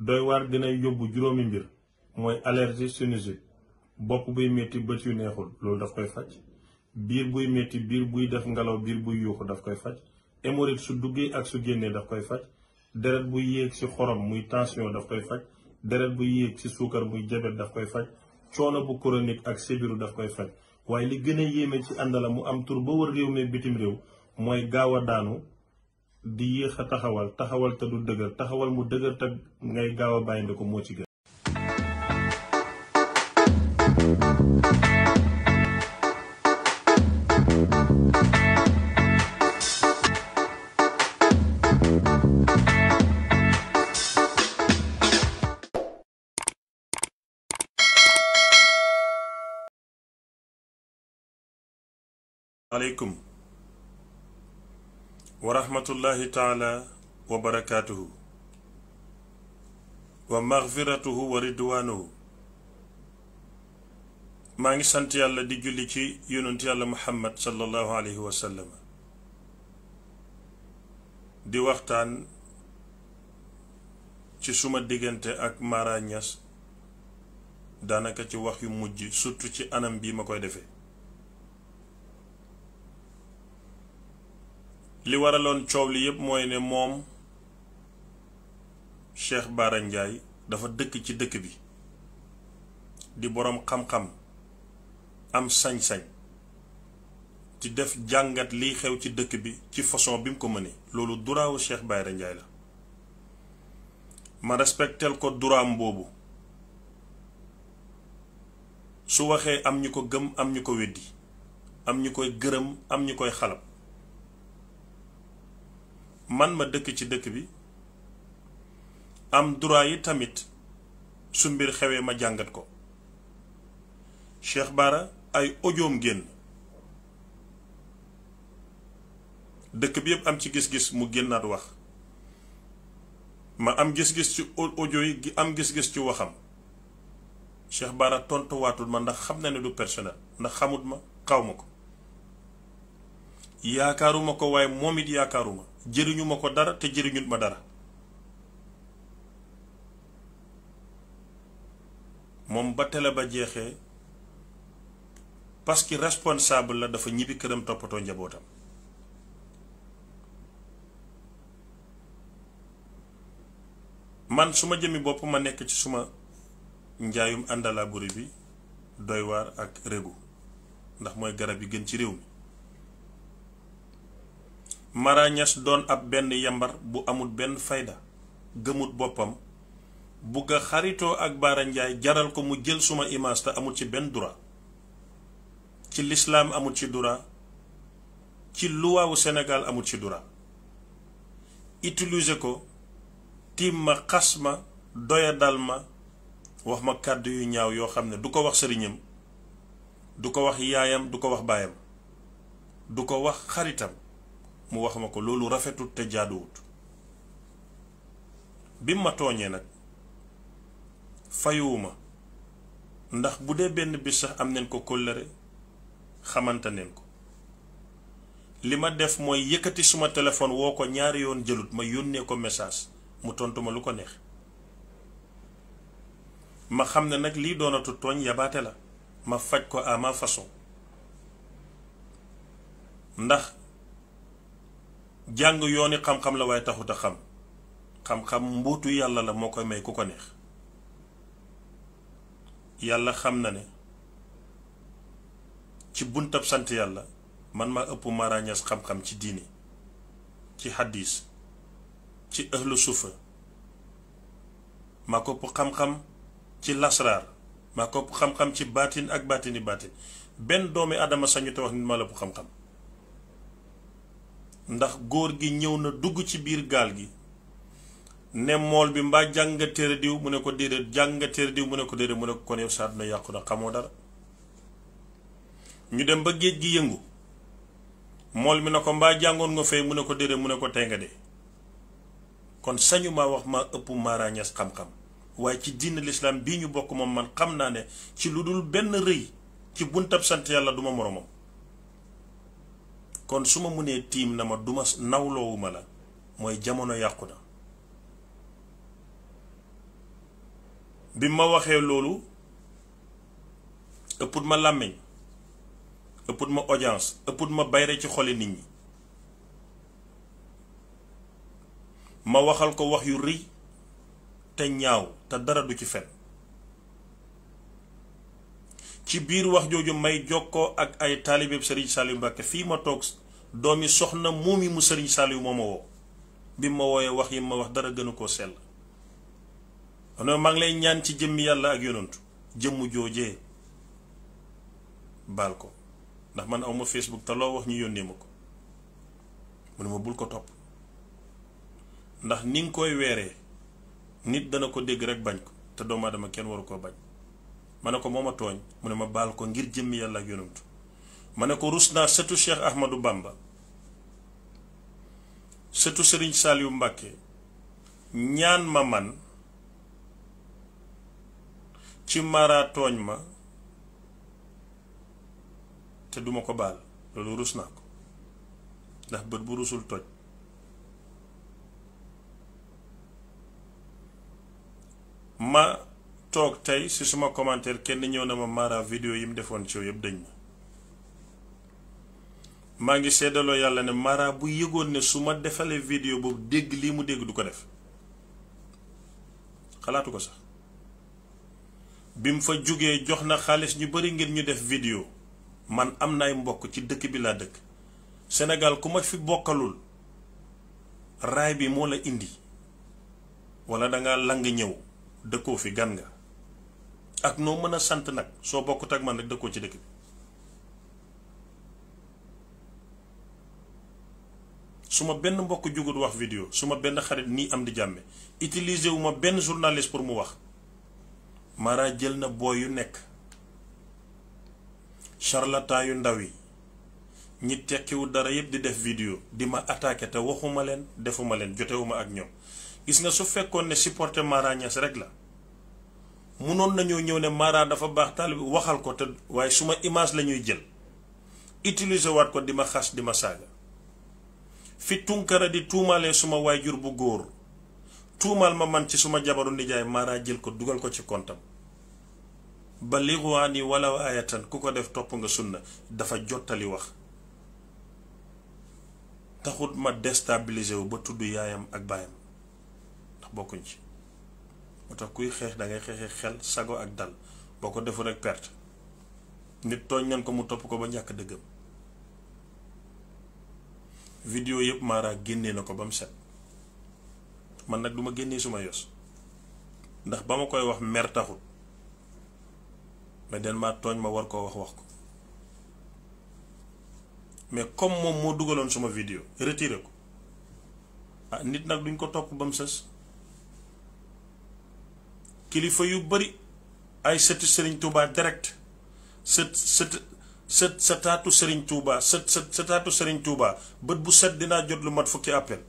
doy waar dina yóbbu juróomi mbir mooy allergie sinusite bopp buy métti bët yu neexul loolu daf koy faj biir buy métti biir buy def ngelaw biir buy yuuxu daf koy faj hémorroïde su duggee ak su génnee daf koy faj deret bu yéeg ci xorom muy tension daf koy faj deret buy yéeg ci suukar muy jabet daf koy faj coono bu chronique ak sibiru daf koy faj waaye li gën a yéeme ci àndala mu am tur ba wër réew mi bitim réew mooy gaaw a daanu di yéex a taxawal taxawal te du dëgër taxawal mu dëgër te ngay gaaw a bàyyi ndi ko moo ci gën. wa rahmatullahi taala wa barakaatuhu wa maghfiratuhu wa ridwanuhu maa ngi sant yàlla di julli ci yonent yàlla muhammad sallallahu alayhi wa di waxtaan ci suma diggante ak Mara daanaka ci wax yu mujj surtout ci anam bii ma koy defee li waraloon coow li yëpp mooy ne moom Cheikh Bara Ndiaye dafa dëkk ci dëkk bi di boroom xam-xam am sañ-sañ di def jàngat liy xew ci dëkk bi ci façon bi mu ko mëne loolu duraawu Cheikh Bara la ma respectel ko duraam boobu su waxee am ñu ko gëm am ñu ko weddi am ñu koy gërëm am ñu koy xalab man ma dëkk ci dëkk bi am droit yi tamit su mbir xewee ma jàngat ko Cheikh Bara ay ojoom génn dëkk bi yëpp am ci gis-gis mu génn génnaat wax ma am gis-gis ci audio yi gi am gis-gis ci waxam Cheikh Bara tontuwaatul ma ndax xam na ne du personnel ndax xamut ma xaw ma ko yaakaaruma ko waaye moom it yaakaaruma jëriñuma ko dara te jëriñut ma dara moom ba tele ba jeexee parce que responsable la dafa ñibbi këram toppatoo njabootam man su ma jëmi bopp ma nekk ci suma njaayum àndalaa bi doy waar ak régu ndax mooy garab yi gën ci réew mi marañas doon ab benn yambar bu amul benn fayda gëmut boppam bugg a xaritoo ak Baara jaral ko mu jël suma image te amul ci benn droit ci lislaam amul ci droit ci luwaawu Sénégal amul ci droit utiliser ko tiim ma xas ma doya dal ma wax ma kàddu yu ñaaw yoo xam ne du ko wax sëriñam du ko wax yaayam du ko wax baayam du ko wax xaritam mu wax ma ko loolu rafetut te jaaduwut bi ma tooñee nag fayuwuma ndax bu dee benn bis sax am nañ ko kóllëre xamante neen ko li ma def mooy yëkkati suma téléphone woo ko ñaari yoon jëlut ma yónnee ko message mu tontu ma lu ko neex ma xam ne nag lii doonatu tooñ yabaate la ma faj ko à façon ndax jàng yooni xam-xam la waaye taxut a xam xam-xam mbuutu yàlla la moo koy may ku ko neex yàlla xam na ne ci buntab sant yàlla man maa ëpp marañas xam-xam ci diini ci hadis ci ahlu suufa maa ko ëpp xam-xam ci lasraar maa ko ëpp xam-xam ci baatin ak baatini baatin benn doomi adama sañu te wax nit maa la ëpp xam-xam ndax góor gi ñëw na dugg ci biir gaal gi ne mool bi mbaa jàng nga téere diw mu ne ko déedéet jàng nga téere diw mu ne ko déedéet mu ne ko kon yow sa na xamoo ñu dem ba géej gi yëngu mool mi ne ko mbaa jàngoon nga fay mu ne ko déedéet mu ne ko tey de kon sañu maa wax maa ëpp maaraañas xam-xam waaye ci diin lislaam bii ñu bokk moom man xam naa ne ci lu dul benn rëy ci buntab sant yàlla duma moromam kon su ma mënee tiim na ma duma nawloowuma la mooy jamono yàqu na bi ma waxee loolu ëpput ma làmmiñ ëpput ma audience ëpput ma bayre ci xoli nit ñi ma waxal ko wax yu rëy te ñaaw te dara du ci fen ci biir wax jooju may jokkoo ak ay taalibeeb Serigne Saliou Mbacke fii ma toog doomi soxna moomi mu Serigne Saliou moo ma woo bi ma wooyee wax yi ma wax dara gënu koo sell non maa ngi lay ñaan ci jëmm yàlla ak yonantu jëmmu joojee baal ko ndax man awma Facebook te loo wax ñu yónnee ma ko mu ne ma bul ko topp ndax ni koy weeree nit dana ko dégg rek bañ ko te doomu dama kenn waru ko bañ. ma ne ko moo ma tooñ mu ne ma baal ko ngir jëmmi yàlla ak yonantu ma ne ko rus naa sëtu Cheikh Ahmadou Bamba sëtu Serigne yu Mbacke ñaan ma man ci mara tooñ ma te duma ko baal loolu rus naa ko ndax bët bu rusul toj ma toog tey si suma commentaire kenn ñëw na ma Mara vidéo yi mu defoon ci yëpp dañ ma maa ngi seddaloo yàlla ne Mara bu yëgoon ne su ma defalee vidéo boobu dégg lii mu dégg du ko def xalaatu ko sax bi mu fa jógee jox na xaalis ñu bari ngir ñu def vidéo man am na ay mbokk ci dëkk bi laa dëkk senegal ku ma fi bokkalul raay bi moo la indi wala danga lang ñëw dëkkoo fi gan nga ak noo mën a sant nag soo bokkut ak nag rek dëkkoo ci dëkk bi su ma benn mbokk jugut wax vidéo su ma benn xarit nii am di jàmme utiliser wu ma benn journaliste pour mu wax Mara jël na booy yu nekk charlatan yu ndaw yi ñi tekkiwu dara yëpp di def vidéo di ma attaqué te waxuma leen defuma leen jotewuma ak ñoom gis nga su fekkoon ne supporte Mara Niass rek la munoon nañoo ñëw ne Mara dafa baax taalibi waxal ko te waaye suma image la ñuy jël utiliser waat ko di ma xas di ma saaga fi tunkara di tuumaalee suma waay waajur bu góor tuumaal ma man ci suma jabaru nijaay Mara jël ko dugal ko ci kontam ba lixuwaan yi wala ayatan ku ko def topp nga na dafa jottali wax taxut ma déstabiliser wu ba tudd yaayam ak baayam ndax bokkuñ ci moo tax kuy xeex da ngay xeexee xel sago ak dal boo ko deful rek perte nit tooñ ngeen ko mu topp ko ba ñàkk dëggam vidéo yëpp Mara génnee na ko ba mu set man nag du ma génnee suma yos ndax ba ma koy wax mer taxul mais den maa tooñ ma war koo wax wax ko mais comme moom moo dugaloon suma video retiré ko ah nit nag duñ ko topp ba mu sës kilifa yu bari ay sëti Serigne Touba direct sët sët sët sëtaatu Serigne Touba sët sët sëtaatu Serigne Touba bët bu set dinaa jot lu mat fukki appel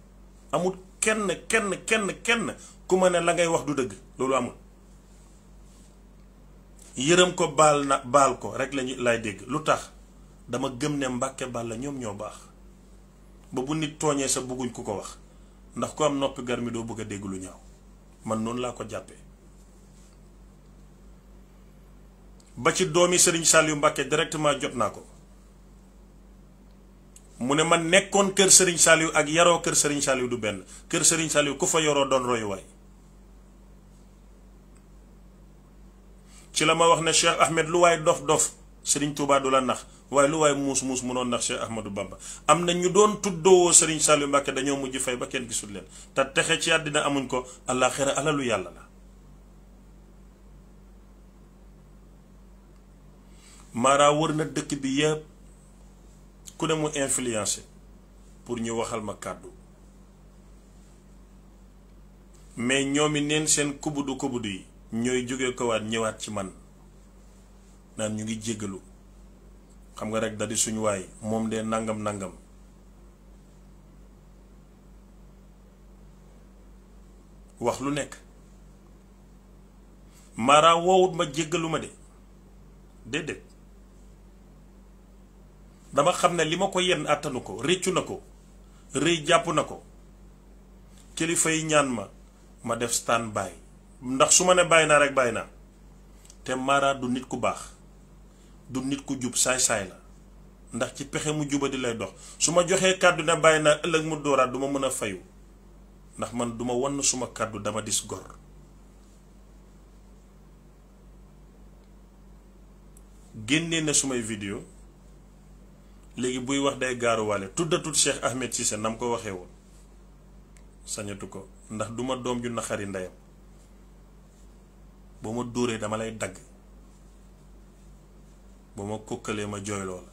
amul kenn kenn kenn kenn ku ma ne la ngay wax du dëgg loolu amul yërëm ko baal na baal ko rek lañu lay dégg lu tax dama gëm ne Mbàkke baal la ñoom ñoo baax ba bu nit tooñee sa bëgguñ ku ko wax ndax ku am noppi gar doo bëgg a dégg lu ñaaw man noonu laa ko jàppee. ba ci doomi Serigne Saliou Mbacké directement jot naa ko mu ne man nekkoon kër sëriñ Saliou ak yaroo kër sëriñ Saliou du benn kër Serigne Saliou ku fa yoroo doon royuwaay ci la ma wax ne Cheikh Ahmed lu waaye dof-dof Serigne Touba du la nax waaye lu waaye muus muus munoon nax Cheikh Ahmadou Bamba am na ñu doon tuddoowoo sëriñ Saliou Mbacké dañoo mujj fay ba kenn gisul leen te texe ci àddina amuñ ko àllaaxira alalu yàlla la. Mara wër na dëkk bi yëpp ku ne mu influencé pour ñu waxal ma kàddu mais ñoomi i neen seen kubudu kubudu yi ñooy jóge ko ñëwaat ci man naan ñu ngi jéggalu xam nga rek da di suñu waay moom de nangam nangam wax lu nekk Mara woowut ma jéggalu ma de déedéet dama xam ne li ma ko yenn àttanu ko réccu na ko rëy jàpp na ko kilifa yi ñaan ma ma def stand by ndax su ma ne bàyyi naa rek bàyyi naa te Mara du nit ku baax du nit ku jub saay-saay la ndax ci pexe mu juba di lay dox su ma joxee kàddu ne bàyyi naa ëllëg mu dooraat du ma mën a fayu ndax man duma wann suma kàddu dama dis gor génnee na sumay vidéo léegi buy wax day gaaruwaale tuddatut Cheikh Ahmed Cissé nam ko waxee woon sañatu ko ndax duma doom ju naxari ndeyam boo ma dóoree dama lay dagg boo ma kokkalee ma jooy loola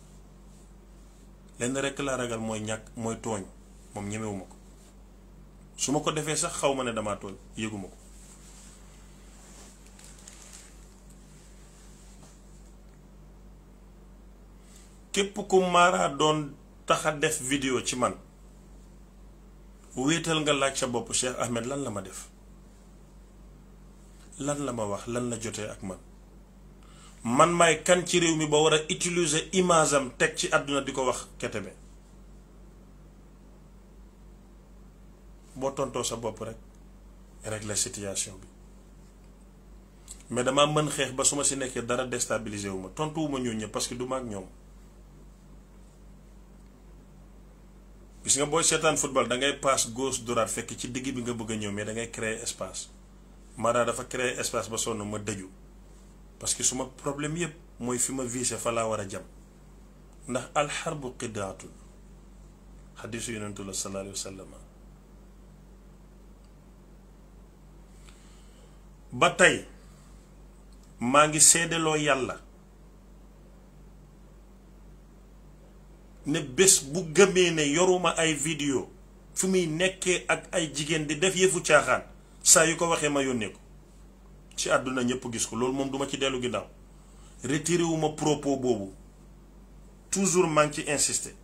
lenn rekk laa ragal mooy ñàkk mooy tooñ moom ñemewuma ko su ma ko defee sax xaw ma ne damaa tooñ yëguma ko képp ku Mara doon taxa def vidéo ci man wéetal nga laaj sa bopp Cheikh Ahmed lan la ma def lan la ma wax lan la jotee ak man man may kan ci réew mi ba war a utiliser image am teg ci àdduna di ko wax ketebe boo tontoo sa bopp rek rek la situation bi mais damaa mën xeex ba su ma si nekkee dara déstabiliser wu ma tontu wu ma ñooñu parce que du ak ñoom. gis nga booy seetaan football da ngay passe gauche droite fekk ci digg bi nga bëgg a ñëw mais da ngay créer espace Mara dafa créer espace ba sonn ma dëju parce que suma problème yëpp mooy fi ma visé fa laa war a jam ndax alxarbu qidaatun xadisu yonentu la sallallahu alayhi wa sallam ba tey maa ngi seedeloo yàlla ne bés bu gëmee ne yoruma ay vidéo fu muy nekkee ak ay jigéen di def yëfu caaxaan saa yu ko waxee ma yónnee ko ci àdduna ñëpp gis ko loolu moom duma ci dellu ginnaaw retiré wu ma propos boobu toujours maa ngi ci insisté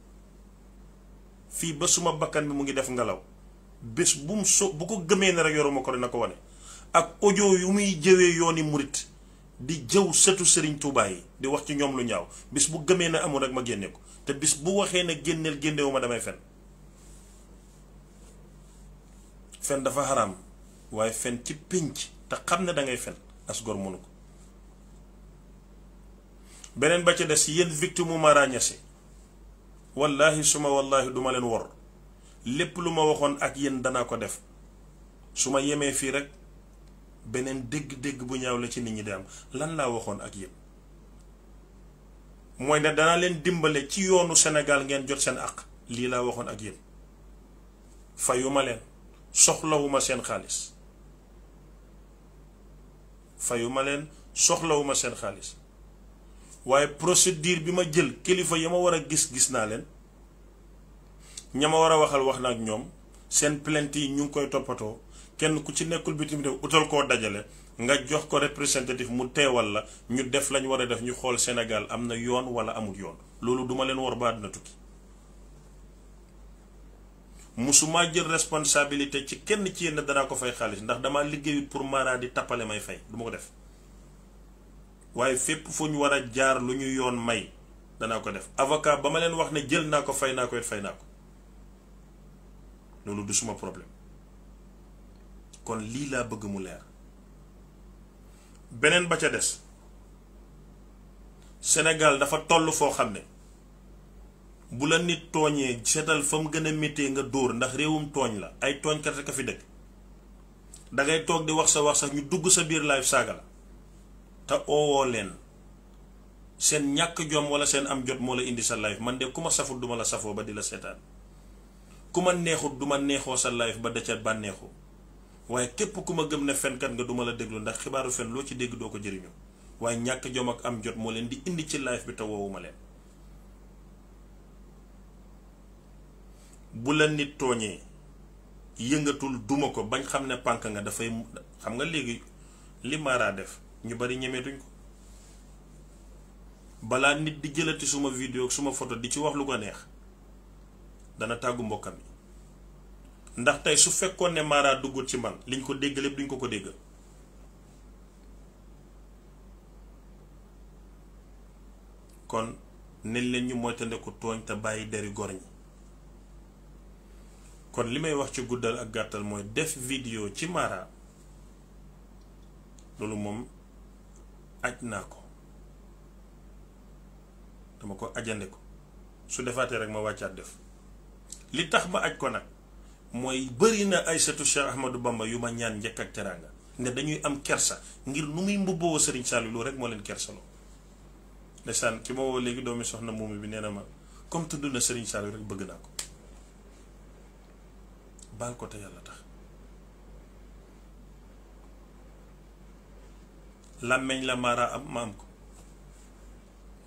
fii ba suma bakkan bi mu ngi def ngelaw bés bum mu bu ko gëmee ne rek yoruma ko dina ko wane ak audio yu muy jëwee yooni murit di jëw sëtu Serigne Touba yi di wax ci ñoom lu ñaaw bés bu gëmee ne amul rek ma génne ko te bis bu waxee ne génneel génnewu ma damay fen fen dafa xaraam waaye fen ci pénc te xam ne dangay fen asgor gor mënu ko beneen ba ca des yéen victime ma ràññase wallaahi suma wallaahi duma leen wor lépp lu ma waxoon ak yéen danaa ko def su ma yemee fii rek beneen dégg-dégg bu ñaaw la ci nit ñi di am lan laa waxoon ak yéen mooy ne danaa leen dimbale ci yoonu Sénégal ngeen jot seen àq lii laa waxoon ak yéen fayuma leen soxlawuma seen xaalis fayuma leen soxlawuma seen xaalis waaye procédure bi ma jël kilifa yi ma war a gis gis naa leen ña ma war a waxal wax naa ak ñoom seen plainte yi ñu ngi koy toppatoo kenn ku ci nekkul bitim réew utal koo dajale nga jox ko représentatif mu teewal la ñu def lañu war a def ñu xool senegal am na yoon wala amul yoon loolu duma leen war ba àdduna tukki musuma jël responsabilité ci kenn ci yéen danaa ko fay xaalis ndax damaa liggéeyut pour mara di tappale may fay duma ko def waaye fépp fu ñu war a jaar lu ñu yoon may danaa ko def avocat ba ma leen wax ne jël naa ko fay naa ko it fay naa ko loolu du suma problème kon lii laa bëgg mu leer beneen ba ca des Sénégal dafa toll foo xam ne bu la nit tooñee seetal fa mu gën a méttee nga dóor ndax réewum tooñ la ay tooñkat rek a fi dëkk dangay toog di wax sa wax sax ñu dugg sa biir live saaga la te oowoo leen seen ñàkk jom wala seen am jot moo la indi sa live man de ku ma safut duma la safoo ba di la seetaan ku ma neexut duma neexoo sa live ba da ca bànneexu waaye képp ku ma gëm ne fenkat nga duma la déglu ndax xibaaru fen loo ci dégg doo ko jëriñu waaye ñàkk jom ak am jot moo leen di indi ci live bi te woowuma leen bu la nit tooñee yëngatul duma ko bañ xam ne pànk nga dafay xam nga léegi li maaraa def ñu bari ñemeetuñ ko balaa nit di jëlati suma vidéo suma photo di ci wax lu ko neex dana tàggu mbokkam yi ndax tey su fekkoon ne Mara duggut ci man liñ ko dégg lépp duñ ko ko dégg. kon ne leen ñu moytandiku tooñ te bàyyi deri gor ñi kon li may wax ci guddal ak gàttal mooy def vidéo ci Mara loolu moom aj naa ko dama ko ajande ko su defaatee rek ma wàccaat def li tax ma aj ko nag. mooy bëri na ay sëtu Cheikh Ahmadou Bamba yu ma ñaan njëkk ak teraanga ne dañuy am kersa ngir nu muy mbubboo Serigne Saliou Lo rek moo leen kersaloo ndeysaan ki ma woo léegi doomi soxna moomu bi nee na ma comme tudd na Serigne Saliou rek bëgg naa ko baal yàlla tax làmmeñ la maara am ma ko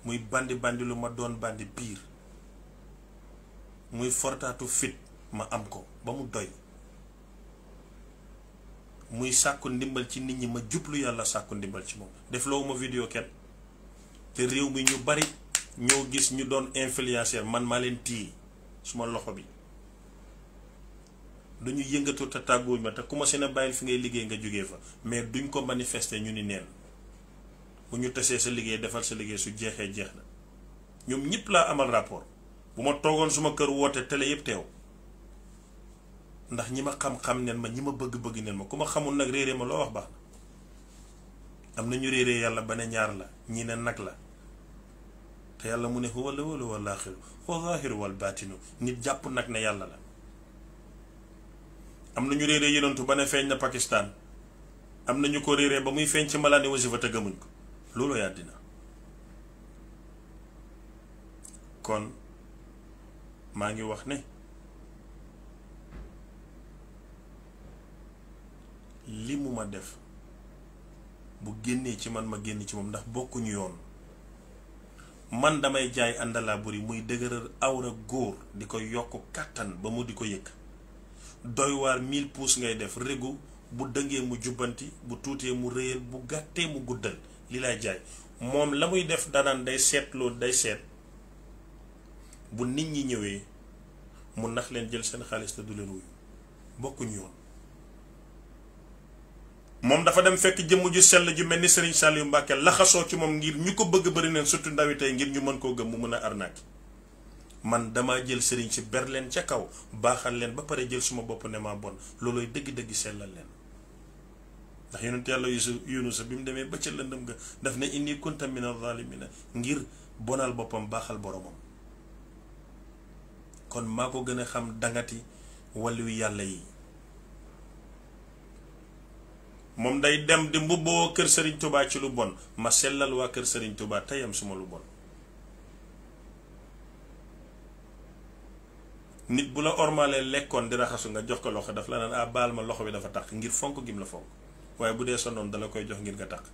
muy bandi bandi lu ma doon bandi biir muy fortaatu fit ma am ko ba mu doy muy sàkku ndimbal ci nit ñi ma jublu yàlla sàkku ndimbal ci moom def loowu ma vidéo kenn te réew mi ñu bari ñoo gis ñu doon influenceur man maa leen tii suma loxo bi duñu yëngatu te tàgguwuñ ma te ku ma na bàyyil fi ngay liggéey nga jógee fa mais duñ ko manifester ñu ni neen bu ñu tasee sa liggéey defal sa liggéey su jeexee jeex na ñoom ñëpp laa amal rapport bu ma toogoon suma kër woote télé yëpp teew ndax ñi ma xam-xam neen ma ñi ma bëgg-bëgg neen ma ku ma xamul nag réeree ma loo wax baax na am na ñu réeree yàlla ba ne ñaar la ñi ne nag la te yàlla mu ne huwa al-awwalu wal-aaxiru wa zaahiru wal baatinu nit jàpp nag ne yàlla la am na ñu réeree yonantu ba ne feeñ na Pakistan am na ñu ko réeree ba muy feeñ ci malaani wasifa te gëmuñ ko loolu yaa dina kon maa ngi wax ne li mu ma def bu génnee ci man ma génn ci moom ndax bokkuñu yoon man damay jaay àndalaa buri muy dëgëral awra góor di ko yokk kàttan ba mu di ko yëg doy waar mille pouces ngay def régu bu dëngee mu jubbanti bu tuutee mu réyal bu gàttee mu guddal li lay jaay moom la muy def danaan day seetloo day seet bu nit ñi ñëwee mu nax leen jël seen xaalis te leen wuyu bokkuñu yoon moom dafa dem fekk jëmm ju sell ju mel ni Serigne yu mbàkke laxasoo ci moom ngir ñu ko bëgg bëri neen surtout ndawi tey ngir ñu mën koo gëm mu mën a arnaque man damaa jël Serigne si ber leen ca kaw baaxal leen ba pare jël suma bopp ne maa bon loolooy dëgg-dëgg sellal leen ndax yonent yàlla Yuusu Yuunusa bi mu demee ba ca lëndëm ga daf ne inni kunta mina zalimina ngir bonal boppam baaxal boromam kon maa ko gën a xam dangati wàllu yàlla yii moom day dem di mbubboo kër sëriñ tubaa ci lu bon ma sellal waa kër sëriñ tubaa teyam suma lu bon nit bu la ormalee lekkoon di raxasu nga jox ko loxo daf la naan ah baal ma loxo bi dafa taq ngir fonk gim la fonk waaye bu dee sa dala koy jox ngir nga taq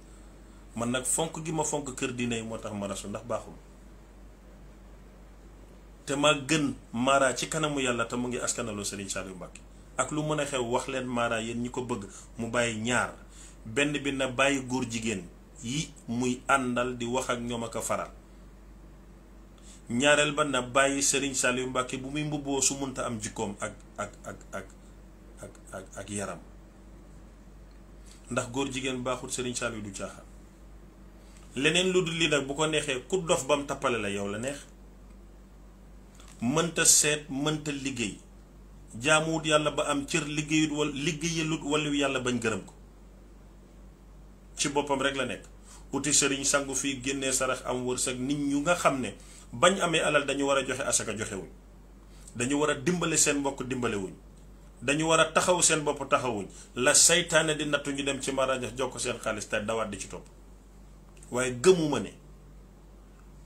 man nag fonk gi ma fonk kër diine yi moo tax ma rasu ndax baaxul te ma gën maaraa ci kanamu yàlla te mu ngi askanaloo sëriñ Saliou Mbacke ak lu mën a xew wax leen Mara yéen ñi ko bëgg mu bàyyi ñaar benn bi na bàyyi góor jigéen yi muy àndal di wax ak ñoom ak a faral ñaareel ba bàyyi Serigne Saliou Mbacke bu muy mbubboo su munta am jikkoom ak ak ak ak ak ak ak yaram ndax góor jigéen baaxul Serigne Saliou du caaxaan leneen lu dul lii nag bu ko neexee ku dof ba mu tappale la yow la neex mënta seet mënta liggéey. jaamuwut yàlla ba am cër liggéeyut wala liggéeyalut waliyu yàlla bañ gërëm ko ci boppam rek la nekk uti sëriñ sangu fii génnee sarax am wërsëg nit ñu nga xam ne bañ amee alal dañu war a joxe asaka joxewuñ dañu war a dimbale seen mbokk dimbalewuñ dañu war a taxaw seen bopp taxawuñ la saytaane di nattu ñu dem ci maraja jox ko seen xaalis te dawaat di ci topp waaye gëmuma ne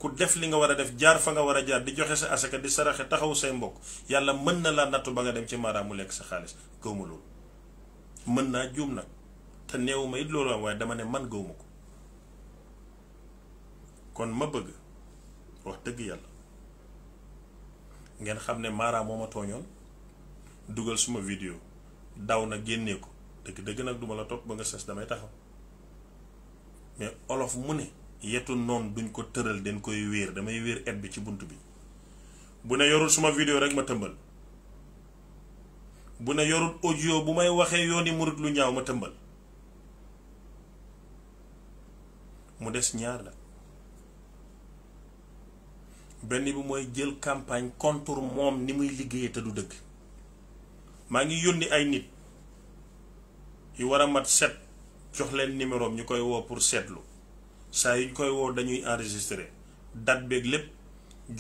pour def li nga war a def jaar fa nga war a jaar di joxe sa asaka di saraxe taxaw say mbokk yàlla mën na laa nattu ba nga dem ci maaraam mu lekk sa xaalis gëw ma loolu mën naa juum nag te neewu ma it loolu am waaye dama ne man gëw ma ko kon ma bëgg wax dëgg yàlla ngeen xam ne maaraam moo ma tooñoon dugal suma vidéo daw na génne ko dëgg dëgg nag duma la topp ba nga sës damay taxaw mais olof mu ne yetu noonu duñ ko tëral dañ koy wéer damay wéer et bi ci bunt bi bu ne yorul suma vidéo rek ma tëmbal bu ne yorul audio bu may waxee yooni murit lu ñaaw ma tëmbal mu des ñaar la benn bi mooy jël campagne contre moom ni muy liggéeyee te du dëgg maa ngi yónni ay nit yu war a mat set jox leen numéro ñu koy woo pour seetlu saa yu ñu koy woo dañuy enregistré date beeg lépp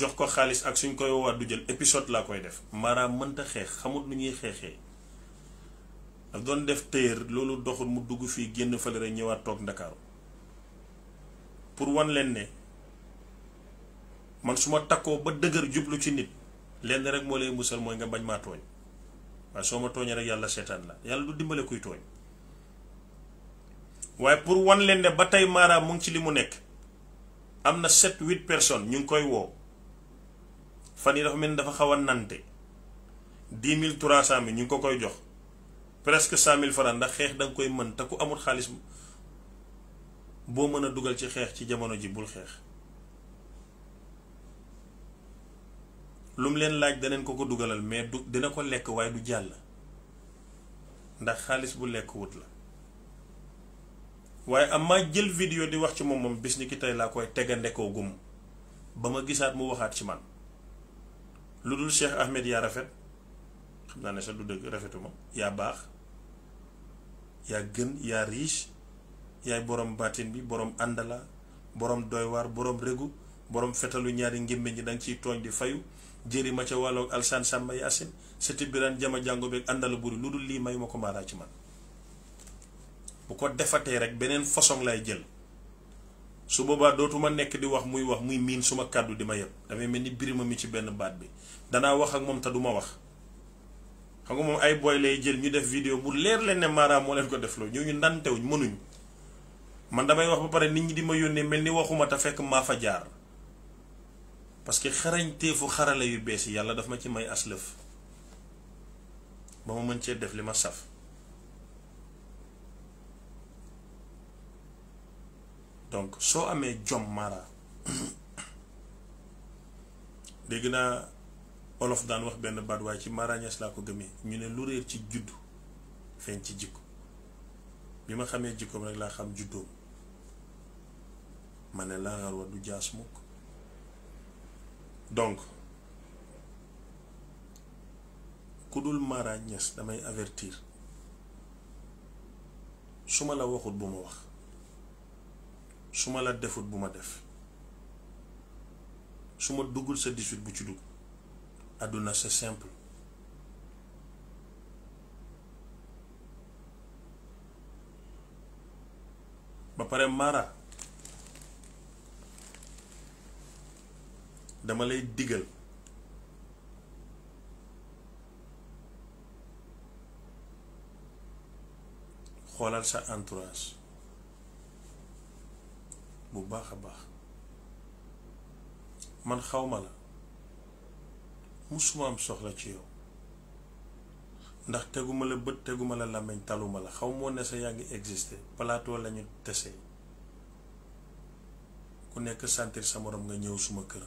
jox ko xaalis ak suñ koy woowaat du jël épisode laa koy def. Mara mënta xeex xamut nu ñuy xeexee daf doon def téyër loolu doxul mu dugg fii génn fële rek ñëwaat toog ndakaaru pour wan leen ne man su ma takkoo ba dëgër jublu ci nit lenn rek moo lay musal mooy nga bañ maa tooñ waaye soo ma tooñee rek yàlla seetaan la yàlla du dimbale kuy tooñ. waaye pour wan leen ne ba tey maaraam mu ngi ci li mu nekk am na sept huit personnes ñu ngi koy woo fan yi dafa mel ni dafa xaw a nante dix mille trois cent mille ñu ngi ko koy jox presque cent mille francs ndax xeex da nga koy mën te ku amul xaalis boo mën a dugal ci xeex ci jamono ji bul xeex lu mu leen laaj daneen ko ko dugalal mais du dina ko lekk waaye du jàll ndax xaalis bu lekk wut la waaye am ma jël vidéo di wax ci moom moom bis ni laa koy koo gum ba ma gisaat mu waxaat ci man lu dul Cheikh Ahmed yaa rafet xam naa ne sax du dëgg rafetuma yaa baax yaa gën yaa riche yaay borom baatin bi borom àndala borom doywaar borom régu borom fetalu ñaari ngémmiñ ñi da ciy tooñ di fayu jëri ma ca wàlloog alsaan sàmba yaasin seti biran jama jàngo beeg àndala buri lu dul lii mayuma ma ko maaraa ci man bu ko defatee rek beneen façon lay jël su boobaa dootuma nekk di wax muy wax muy miin suma kàddu di ma yem damay mel ni birima mi ci benn baat bi danaa wax ak moom te du ma wax xam nga moom ay booy lay jël ñu def vidéo bu leer leen ne maanaam moo leen ko defloo ñu ñu nantewuñ mënuñu man damay wax ba pare nit ñi di ma yónnee mel ni waxuma te fekk maa fa jaar parce que xarañteefu xarala yu bees yi yàlla daf ma ci may aslëf ba ma mën cee def li ma saf donc soo amee jom mara dégg naa olof daan wax benn baat waaye ci marañas laa ko gëmee ñu ne lu réer ci juddu feeñ ci jikko bi ma xamee jikkoom rek laa xam juddoom ma ne langar wa du jaas mukk donc ku dul marañas damay avertir su ma la waxul bu ma wax su ma la defut bu ma def su ma duggul sa 18 bu ci dugg àdduna sa simple ba pare mara dama lay digal xoolal sa entourage bu baax a baax man xawma la musuma am soxla ci yow ndax teguma la bët teguma la làmmiñ taluma la xaw moo ne sa yaa ngi existé plateau lañu tese ku nekk sentir sa morom nga ñëw suma kër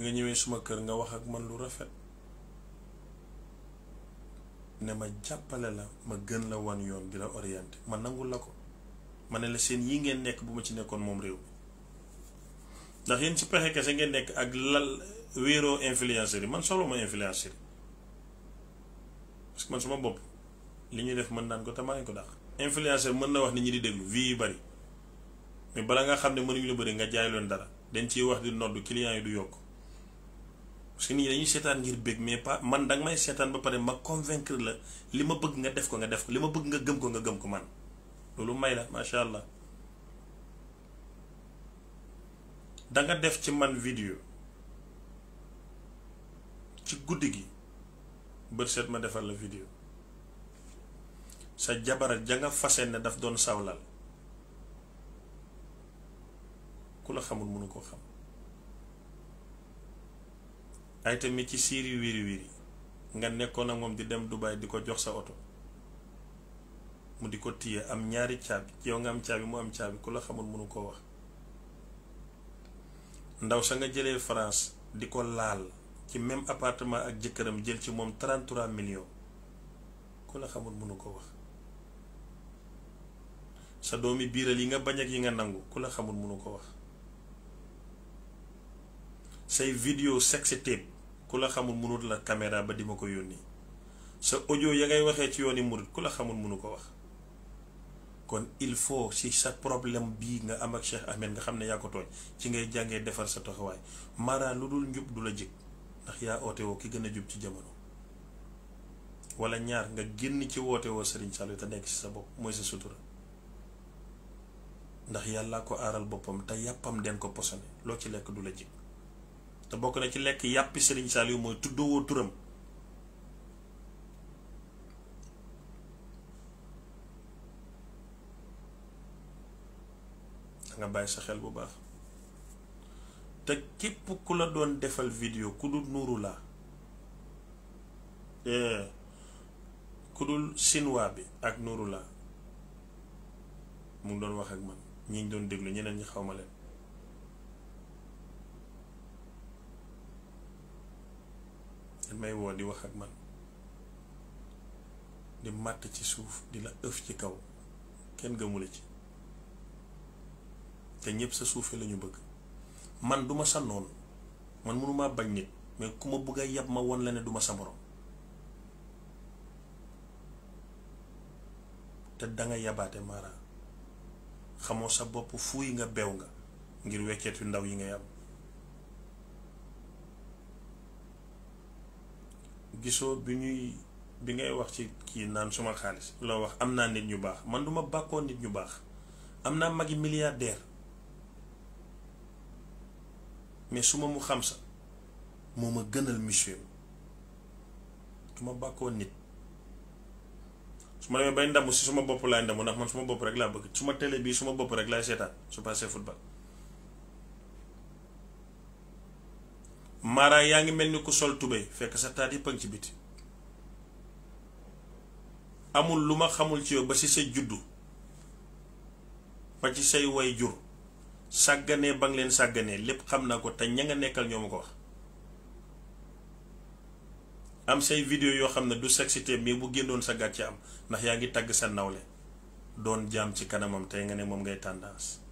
nga ñëwee suma kër nga wax ak man lu rafet ne ma jàppale la ma gën la wan yoon di la orienté ma nangul la ko ma ne la seen yi ngeen nekk bu ma ci nekkoon moom réew ndax yéen ci pexe kese ngeen nekk ak lal wéeroo influenceurs yi man solo ma influenceurs yi man suma bopp li ñuy def mën naan ko te maa ngi ko dàq. influenceur mën na wax ni ñi di déggu vie yu bari mais bala nga xam ne mënuñu la bëri nga jaay leen dara dañ ciy wax di nodd client yi du yokk. parce que nit ñi dañuy seetaan ngir bëgg mais pas man danga may seetaan ba pare ma convaincre la li ma bëgg nga def ko nga def ko li ma bëgg nga gëm ko nga gëm ko man loolu may la macha allah danga def ci man vidéo ci guddi gi bët set ma defar la vidéo sa jabarat ja nga fase ne daf doon sawlal ku la xamul munu koo xam ay tamit ci siiri wiri wiri nga nekkoon ak moom di dem Dubaay di ko jox sa oto mu di ko téye am ñaari caabi yow nga am caabi mu am caabi ku la xamul mënu koo wax ndaw sa nga jëlee France di ko laal ci même appartement ak jëkkëram jël ci moom 33 millions ku la xamul mënu ko wax sa doomi biiral yi nga bañ yi nga nangu ku la xamul mënu ko wax say vidéo sex tape ku la xamul mënut la caméra ba di ma ko yónni sa ojo ya ngay waxee ci yooni murit ku la xamul mënu ko wax kon il faut si sa problème bii nga am ak Cheikh Ahmed nga xam ne yaa ko tooñ ci ngay jàngee defar sa taxawaay maanaam lu dul njub du la jëkk ndax yaa oote ki gën a jub ci jamono wala ñaar nga génn ci woote woo Sëriñ Saliou te nekk si sa bopp mooy sa sutura ndax yàlla ko aaral boppam te yàppam den ko posone loo ci lekk du la jëkk te bokk na ci lekk yàppi Serigne Saliou mooy tuddoo turam nga bàyyi sa xel bu baax te képp ku la doon defal vidéo ku dul nuuru laa eh, ku dul sinwaa bi ak nuuru laa mu ngi doon wax ak man ñi ngi doon déglu ñeneen ñi xaw ma leen may woo di wax ak man di màtt ci suuf di la ëf ci kaw kenn gëmula ci te ñëpp sa suufee lañu bëgg man duma sa noon man mënuma bañ nit mais ku ma bëgg a yab ma won la ne duma sa morom te danga yabaate mara xamoo sa bopp fuuy nga beew nga ngir wekkeet yu ndaw yi nga am gisoo bi ñuy bi ngay wax ci kii naan suma xaalis loo wax am naa nit ñu baax man duma bàkkoo nit ñu baax am naa magi milliardaire mais su suma mu xam sa moo ma gënal monsieur duma bàkkoo nit su ma demee bay ndamu si suma bopp laay ndamu ndax man suma bopp rek laa bëgg suma télé bii suma bopp rek laay seetaan su passé football mara yaa ngi mel ni ku sol tubéy fekk sa taat yëpp a ci biti amul lu ma xamul ci yow ba ci sa juddu ba ci say way jur sàgganee ba nga leen sàgganee lépp xam naa ko te ña nga nekkal ñoo ma ko wax am say vidéo yoo xam ne du sexité mais bu génnoon sa gàcce am ndax yaa ngi tagg sa nawle doon jaam ci kanamam tey nga ne moom ngay tendance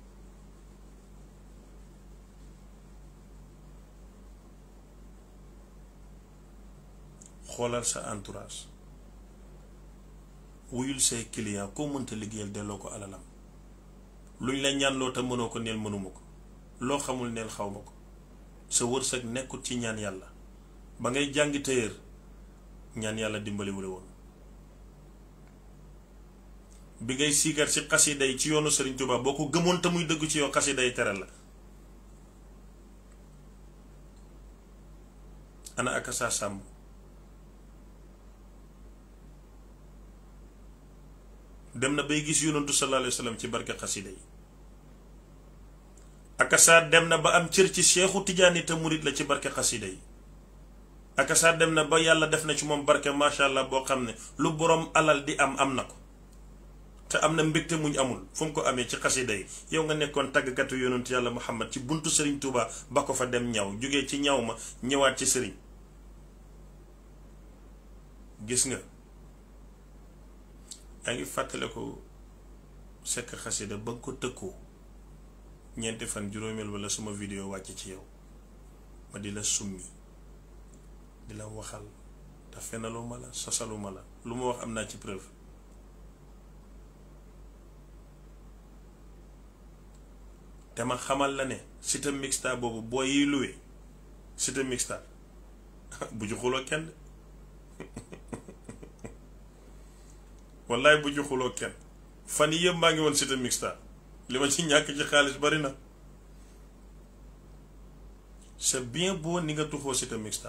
xoolal sa entourage wuyul say client koo mënta liggéeyal delloo ko alalam luñ la ñaanloo te mënoo ko neel mënuma ko loo xamul neel xaw ma ko sa wërsëg nekkut ci ñaan yàlla ba ngay jàng téyër ñaan yàlla dimbaliwule woon bi ngay siikar ci xasida yi ci yoonu Serigne Touba boo ko gëmoon te muy dëgg ci yow xasida yi tere la ana akasa sàmm dem na bay gis yonantu sallallahu alayhi wa ci barke xasida yi akasaar dem na ba am cër ci seexu tijaani te murit la ci barke xasida yi akasaar dem na ba yàlla def na ci moom barke macha allah boo xam ne lu borom alal di am am na ko te am na mbégte muñ amul fu mu ko amee ci xasida yi yow nga nekkoon tàggkatu yonantu yàlla muhammad ci buntu sëriñ Touba ba ko fa dem ñaw jógee ci ñaw ma ñëwaat ci sëriñ gis nga yaa ngi ko sekk xasida ba nga ko tëkkoo ñeenti fan juróomeel wala suma vidéo wàcc ci yow ma di la summi di la waxal te fenaluma la sosaluma la lu ma wax am naa ci preuve te ma xamal la ne site mixta boobu boo yi luwe site mixta bu ju kenn wallaay bu ci xuloo kenn fan yëpp maa ngi woon cité mixta li ma ci ñàkk ci xaalis bari na c'est bien beau ni nga tuxoo cité mixta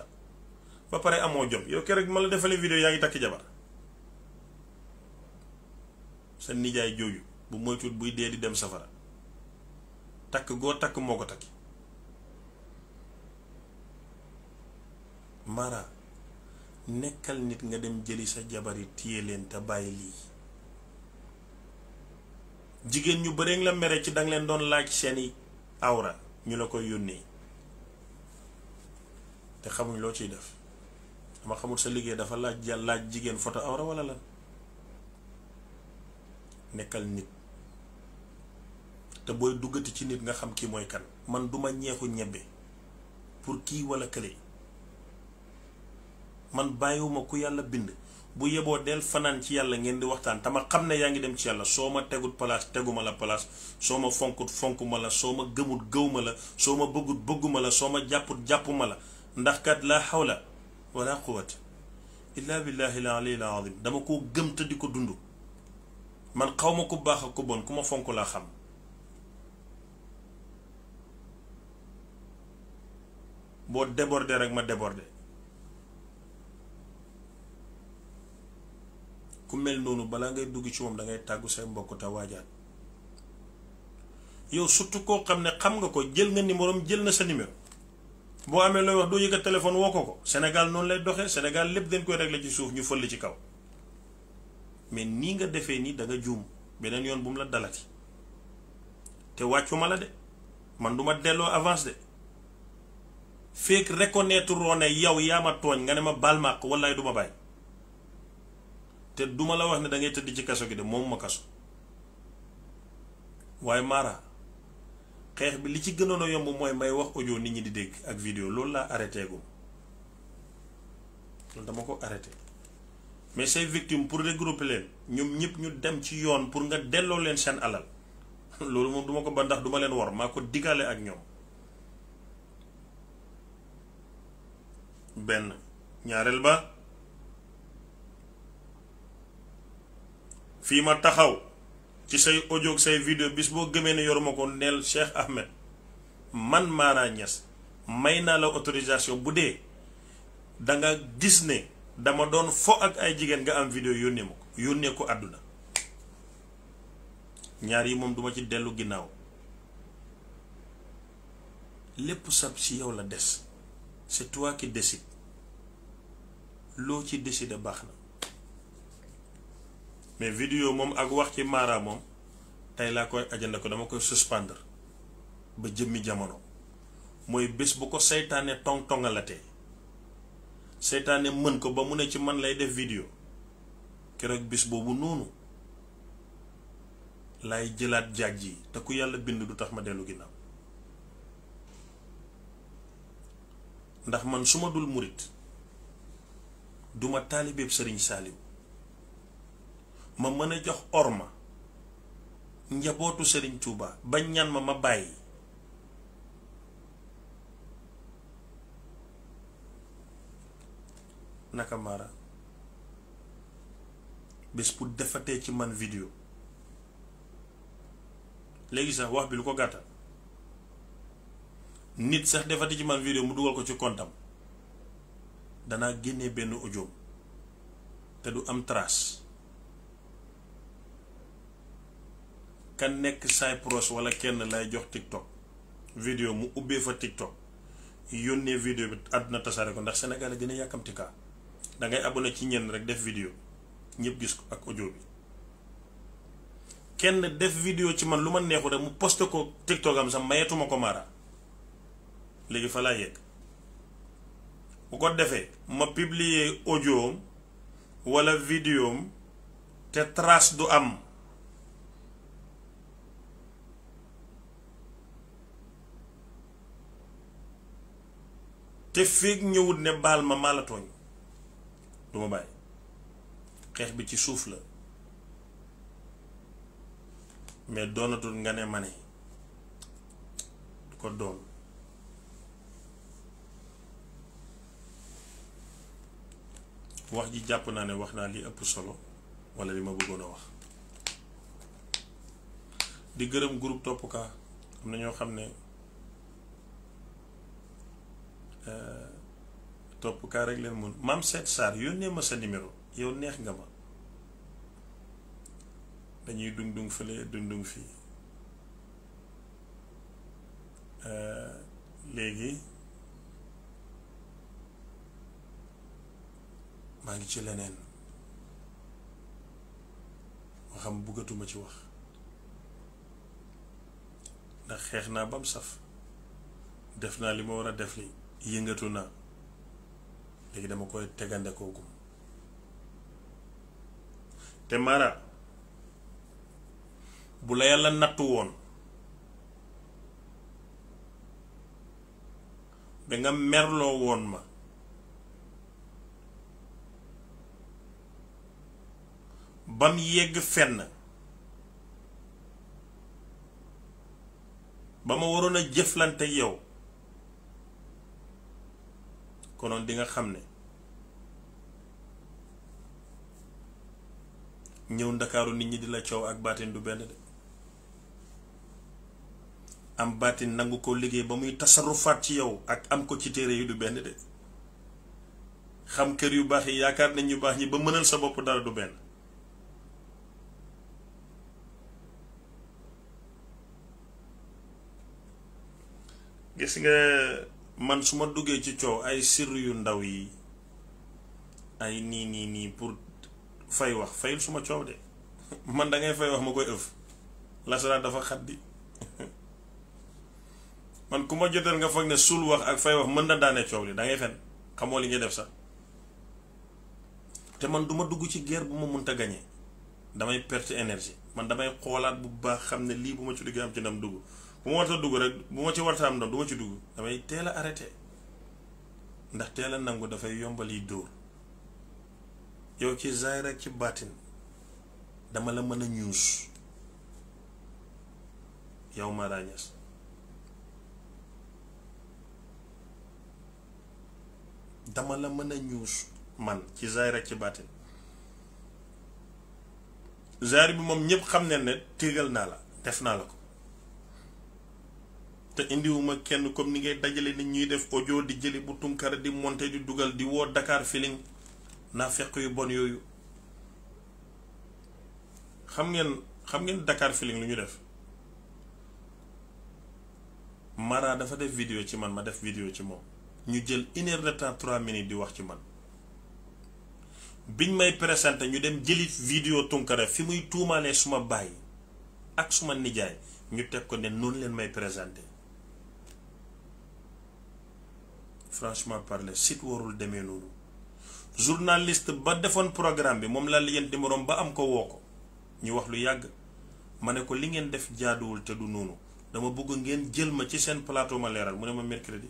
ba pare amoo jom yow keroog ma la defalee vidéo yaa ngi takk jabar sa nijaay jooju bu moytuwul buy dee di dem safara takk goo takk moo ko takki mara nekkal nit nga dem jëli sa jabar yi téye leen te bàyyi lii jigéen ñu bëre la mere ci danga leen doon laaj seeni awra ñu la koy yónnee te xamuñ loo ciy def dama xamul sa liggéey dafa laaj laaj jigéen photo awra wala lan nekkal nit te booy duggati ci nit nga xam kii mooy kan man duma ñeexu ñebbe pour kii walla kële man bàyyiwuma ku yàlla bind bu yeboo del fanaan ci yàlla ngeen di waxtaan tama xam ne yaa ngi dem ci yàlla soo ma tegut place teguma la place soo ma fonk fonkuma la soo ma gëmut gëwma la soo ma bëggut bëgguma la soo ma jàpput jàppuma la ndax kat laa xawla wala quwwata illa billahi la aliyil azim dama koo gëm te di ko dund man xaw ma ku baax ak ku bon ku ma fonk laa xam boo débordé rek ma débordé ku mel noonu balaa ngay dugg ci moom da ngay tàggu say mbokk te waajaat yow surtout koo xam ne xam nga ko jël nga numéro jël na sa numéro boo amee looy wax doo yëg a téléphone woo ko ko Sénégal noonu lay doxe Sénégal lépp dañ koy réglé ci suuf ñu fël ci kaw mais nii nga defee nii danga nga juum beneen yoon bu mu la dalati te wàccu ma la de man duma delloo avance de fekk reconnaître woon ne yow yaa ma tooñ nga ne ma baal ma àq wallaay du ma bàyyi. te duma la wax ne dangay tëdd ci kaso gi de moom ma kaso waaye Mara xeex bi li ci gënoon a yomb mooy may wax audio nit ñi di dégg ak video loolu laa arrêté ko loolu dama ko arrêté mais say victimes pour regrouper leen ñoom ñëpp ñu dem ci yoon pour nga delloo leen seen alal loolu moom duma ko ba ndax duma leen war maa ko diggaale ak ñoom benn ñaareel ba. fii ma taxaw ci say audio say vidéo bis boo gëmee ne yoruma ko neel Cheikh Ahmed man Mara Niass may naa la autorisation bu dee da nga gis ne dama doon fo ak ay jigéen nga am vidéo yónnee ma ko yónnee ko àdduna ñaar yi moom duma ci dellu ginnaaw lépp sab ci yow la des c'est toi qui décide loo ci décider baax na mais vidéo moom ak wax ci Mara moom tey laa koy ajanda ko dama koy suspendre ba jëmmi jamono mooy bés bu ko seytaane tong tongalatee seytaane mën ko ba mu ne ci man lay def vidéo keroog bés boobu noonu lay jëlaat jaaj yi te ku yàlla bind du tax ma dellu ginnaaw ndax man su ma dul murit duma taalibeeb sëriñ saaliw ma mën a jox orma njabootu Serigne Touba ba ñaan ma ma bàyyi naka mara bés bu defatee ci man vidéo léegi sax wax bi lu ko gàttal nit sax defatee ci man vidéo mu dugal ko ci kontam danaa génnee benn audio te du am trace. kan nekk saay proche wala kenn lay jox TikTok vidéo mu ubbee fa TikTok yónnee vidéo bi àdduna tasaare ko ndax Sénégal a gën a yàkkamti kaa ci ñenn rek def vidéo ñëpp gis ko ak audio bi kenn def vidéo ci man lu ma neexu rek mu poste ko TikTok am sax mayetuma ko maara léegi fa laa yegg bu ko defee ma publier audio wala vidéo te trace du am. te feeg ñëwut ne baal ma maa la tooñ du bàyyi xeex bi ci suuf la mais doonatul nga ne ma du ko doon wax ji jàpp naa ne wax naa li ëpp solo walla li ma bëggoon wax di gërëm groupe topp am na ñoo xam ne Euh, topp kaa rek leen mun maam seet saar yónnee ma sa numéro yow neex nga ma dañuy dung dung fële dung dung fii euh, léegi maa ngi ci leneen xam buggatuma ci wax ndax xeex naa bam saf def naa li ma war a def li yëngatu na léegi dama koy tegande kooku te mara bu la yàlla nattu woon danga merloo woon ma bam yegg fenn ba ma waroon a jëflante yow konoon di nga xam ne ñëw ndakaaru nit ñi di la coow ak baatin du benn de am baatin nangu ko liggéey ba muy tasarufaat ci yow ak am ko ci téere yi du benn de xam kër yu baax yi yaakaar nañ ñu baax ñi ba mënal sa bopp dara du benn gis nga man su ma duggee ci coow ay sirru yu ndaw yi ay nii nii nii pour fay wax fayul suma coow de man dangay fay wax ma koy ëf lasara dafa xaddi man ku ma joteel nga foog ne suul wax ak fay wax mën na daane coow li dangay ngay fen xamoo li ngay def sax te man duma dugg ci guerre bu ma mun mënta gañee damay perte énergie man damay xoolaat bu baax xam ne lii bu ma ci duggee am ci ndam dugg bu ma warta dugg rek bu ma ci warta am ndox du ci dugg damay teel a arrêté ndax teel a nangu dafay yombali yi dóor yow ci zaahir ak ci baatin dama la mën a ñuus yow Mara Niass dama la mën a ñuus man ci zaahir ak ci baatin zaahir bi moom ñëpp xam ne ne tégal naa la def naa la ko te indiwuma kenn comme ni ngay dajale nit ñuy def audio di jëli bu tunkara di monter di dugal di woo Dakar Feeling naa fekk yu bon yooyu xam ngeen xam ngeen Dakar Feeling lu ñu def Mara dafa def vidéo ci man ma def vidéo ci moom ñu jël une heure de temps trois minutes di wax ci man biñ may présenté ñu dem jëli video tunkara fi muy tuumaalee suma baay ak suma nijaay ñu teg ko ne noonu leen may présenté franchement parler site warul demee noonu journaliste ba defoon programme bi moom laa di moroom ba am ko woo ko ñu wax lu yàgg ma ne ko li ngeen def jaaduwul te du noonu dama bëgg ngeen jël ma ci seen plateau ma leeral mu ne ma mercredi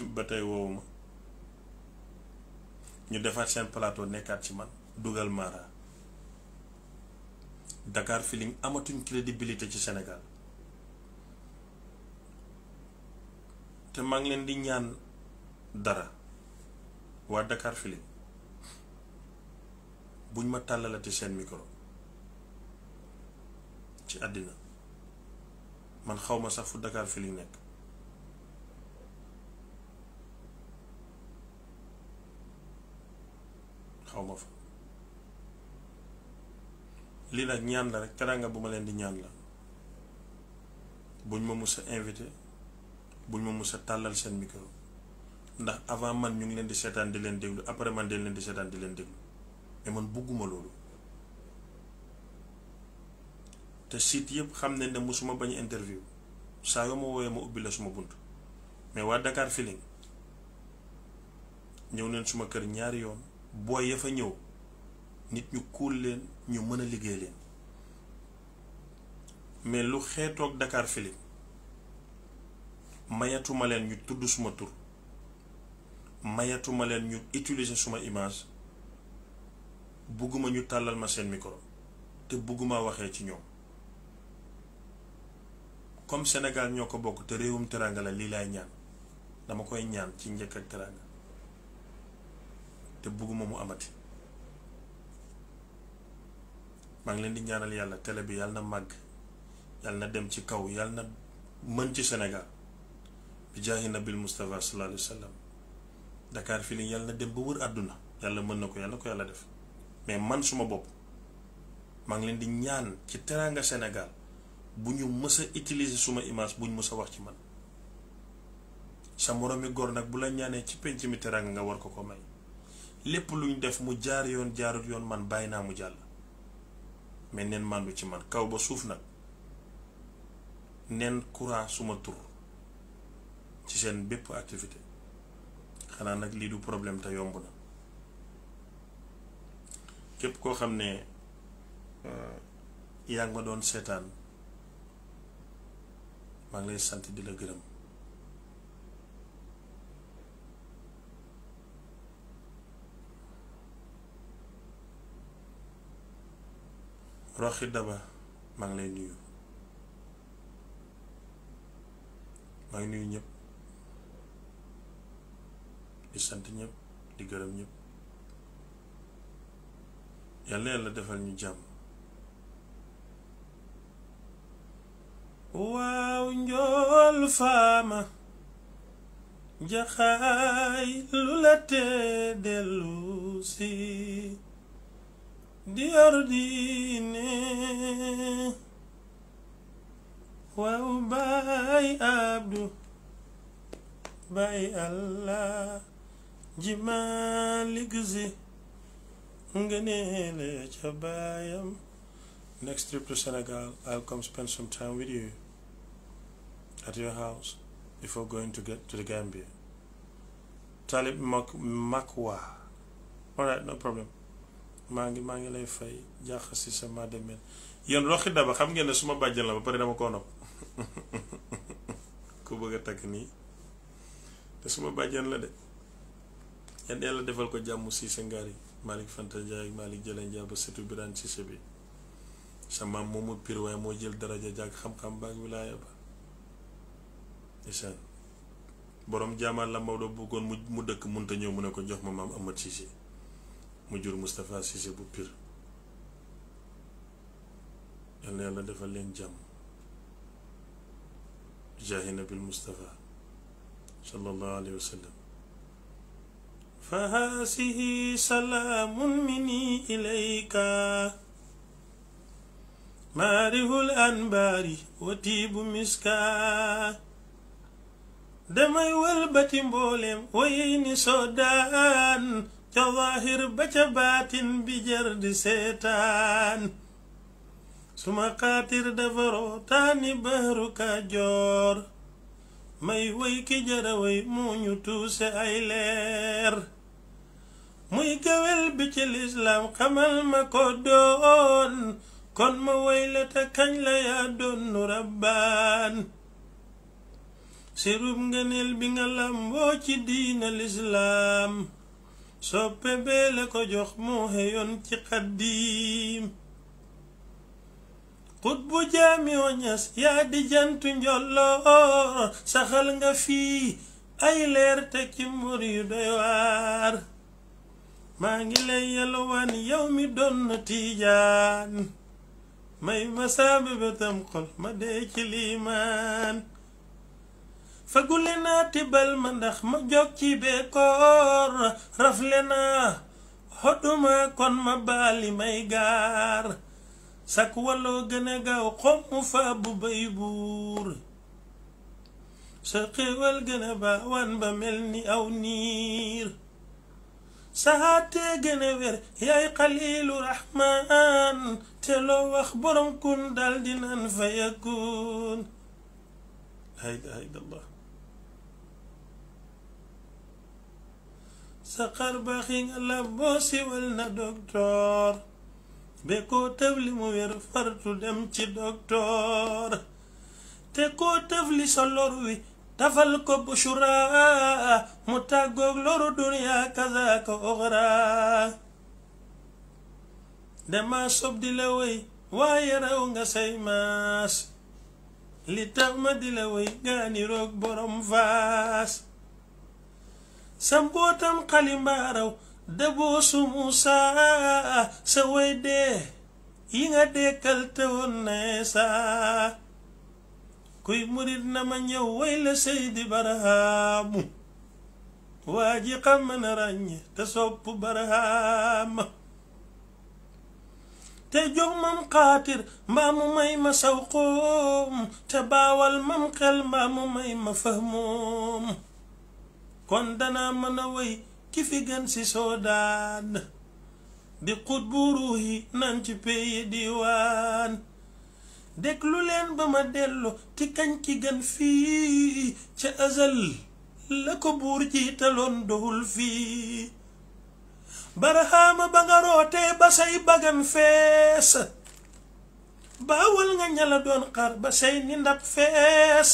ba tey woowu ñu defaat seen plateau nekkaat ci man dugal Mara Dakar Feeling amatuñ crédibilité ci Sénégal. te maa ngi leen di ñaan dara waa Dakar Feeling buñ ma tàllalati seen micro ci àddina man xaw ma sax fu Dakar Feeling nekk xawma fa lii nag ñaan la rek teranga bu ma leen di ñaan la buñ ma mus a invité buñ ma mus a tàllal seen micro ndax avant man ñu ngi leen di seetaan di leen déglu après man dañ leen di seetaan di leen déglu mais man bugguma loolu te site yëpp xam ne ne musuma bañ interview saa yoo ma woowee ma ubbi la suma bunt mais waa Dakar Feeling ñëw neen suma kër ñaari yoon booy ya fa ñëw nit ñu kuul leen ñu mën a liggéey leen mais lu xeetoog Dakar Feeling mayatuma leen ñu tudd suma tur mayatuma leen ñu utiliser suma image bugguma ñu tàllal ma seen micro te bugguma waxee ci ñoom comme Sénégal ñoo ko bokk te réewum teraanga la lii laay ñaan dama koy ñaan ci njëkk ak teraanga te bugguma mu amati maa ngi leen di ñaanal yàlla tele bi yàlla na màgg yàlla na dem ci kaw yàlla na mën ci Sénégal bi jaahi nabil Moustapha sallallahu alayhi wa fii nii yàlla na dem àdduna yàlla mën na ko yàlla ko yàlla def mais man suma bopp maa ngi leen di ñaan ci teraanga Sénégal bu ñu mës utiliser suma image bu mës a wax ci man sa moroomi góor nag bu la ñaanee ci penc nga war ko ko may lépp lu def mu jaar yoon jaarut yoon man bàyyi naa mu jàll mais neen màndu ci man kaw ba suuf nag nen courant suma tur ci seen bépp activité xanaa nag lii du problème te yomb na képp koo xam ne euh, yaa ngi ma doon seetaan maa ngi lay sant di la gërëm roxi daba maa ngi lay nuyu maa ngi nuyu ñëpp di sant ñëpp di gërëm ñëpp yàlla yàlla defal ñu jàmm waaw njool faama jaxaay lu la tee dellu si di yor waaw baay abdu baay allah ji Malick Sy nga neele ca baayam next trip to Senegal I'll come spend some time with you at your house before going to get to the Gambia Talib Mak Makwa alright no problem maa ngi maa ngi lay fay jàq si sama demel yéen roxi daba xam ngeen ne su ma la ba pare dama koo nopp ku bëgg a takk nii te suma ma bàjjan la de yan yàlla defal ko jàmm Cissé Ngari Malick Fanta Ndiaye Malick Jalle Ndiaye ba setu Birane Cissé bi sa maam moom mu pir waaye moo jël daraja jàkk xam-xam baak wilaaya ba isaan borom jaamaar la Maodo bëggoon mu mu dëkk munta ñëw mu ne ko jox ma maam Amath Cissé mu jur Moustapha Cissé bu piir yàlla yàlla defal leen jàmm jaahina bil Moustapha sallallahu alayhi wa فهذه سلام مني إليك مارف الأنبار وطيب مسكا damay wëlbati mboolem wayi ni soodaan ca zaahir ba ca baatin bi jar di seetaan suma xaatir dafaroo bahru ka joor may way ki way moo ñu tuuse ay leer muy géwél bi ci lislaam xamal ma ko doon kon ma woy te kañ la yaa doon nu rabbaan sirub ngëneel bi nga làmboo ci diina lislaam soppe bee la ko jox moo xeyoon ci xaddiim xut bu jaami o yaa di jantu njolloor saxal nga fii ay leer te ci mbur yu doy waar maa ngi lay yalwaan yow mi doon na tiijaan may ma saabe betam xol ma dee ci liimaan fagule naa tibal ma ndax ma jog ci beekoor rafle naa xoduma kon ma baali may gaar sak waloo gën a gaaw xom mu bu bay buur sa xéewal gën a baawaan ba mel ni aw niir saatee gën a wér yaay xalilu rahman te loo wax borom kun dal dinan fa yakun sa xar nga la boo siwal na docteur be koo tëf li mu wér fartu dem ci docteur te koo tëf sa lor wi tafal ko bushura mu tàggoog loru duniya kazaka oxra dama sob di la wéy waaye raw nga say maas li tax ma di la wéy gaani roog borom vaas sa mbootam xali mbaaraw daboo sumu saa sa way dee yi nga dekkal tewoon ne saa kuy murit na ma ñëw way la Seydi Barhaamu waa ji xam na ràññ te sopp Barhaama te jox mam xaatir mbaa may ma saw te baawal mam xel mbaa may ma fahmoom kon danaa mën a way ki fi gën si soodaan di xut bu ruuhi nan ci pays diwaan déglu leen ba ma dellu ci kañ ki gën fii ca azal la ko buur jiitaloon doxul fii baraxaama ba nga rootee ba say bagan fees baawal nga ñala doon xar ba say ni ndab fees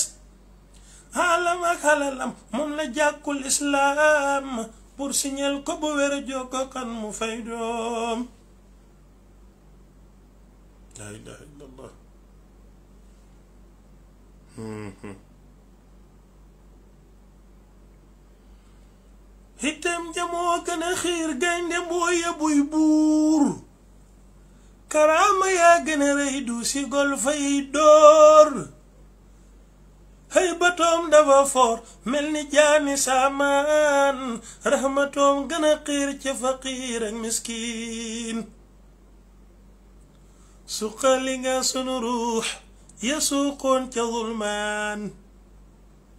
xaalam ak xalalam moom la jàkkul islaam pour signal ko bu wér jokko kan mu fay doom Mm-hmm. itam jamoo gën a xiir gaynde mbooya buy buur karaama yaa gën a rëy du si fay door xëy dafa foor mel ni jaami saamaan raxmatoom gën a xiir ca faqiir ak miskiin suqali nga sunu ruux yasuuqoon ca zulmaan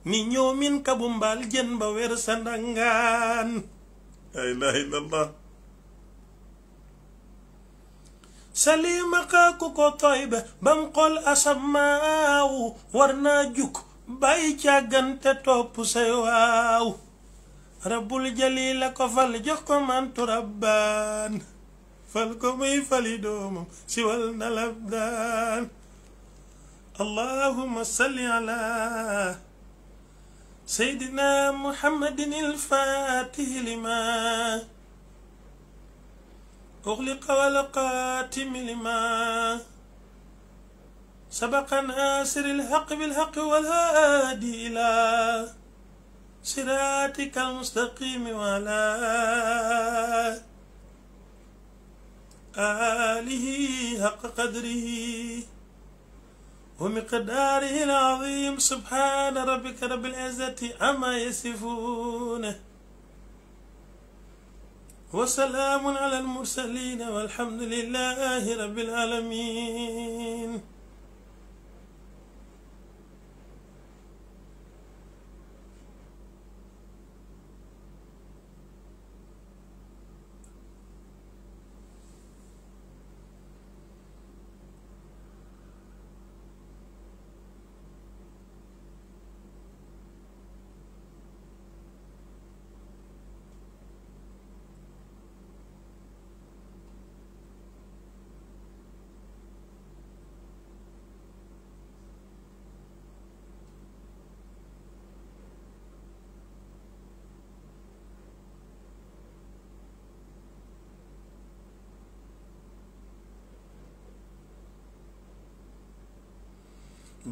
ni ñoomin kabu mbaal jën ba wer sa ndangaan la kaaku ko tooy ba bam asamaaw war naa juk bàyyi càggante topp say waaw rabbul jalila ko fal jox ko mantu rabbaan fal ko muy fali doomam siwal na labdaan اللهم صل على سيدنا محمد الفاتح لما أغلق والقاتم لما سبق ناصر الحق بالحق والهادي إلى صراطك المستقيم وعلى آله حق قدره ومقداره العظيم سبحان ربك رب العزة عما يصفون وسلام على المرسلين والحمد لله رب العالمين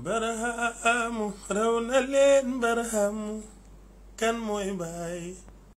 barahaamu raw na leen barahaamu kan mooy baay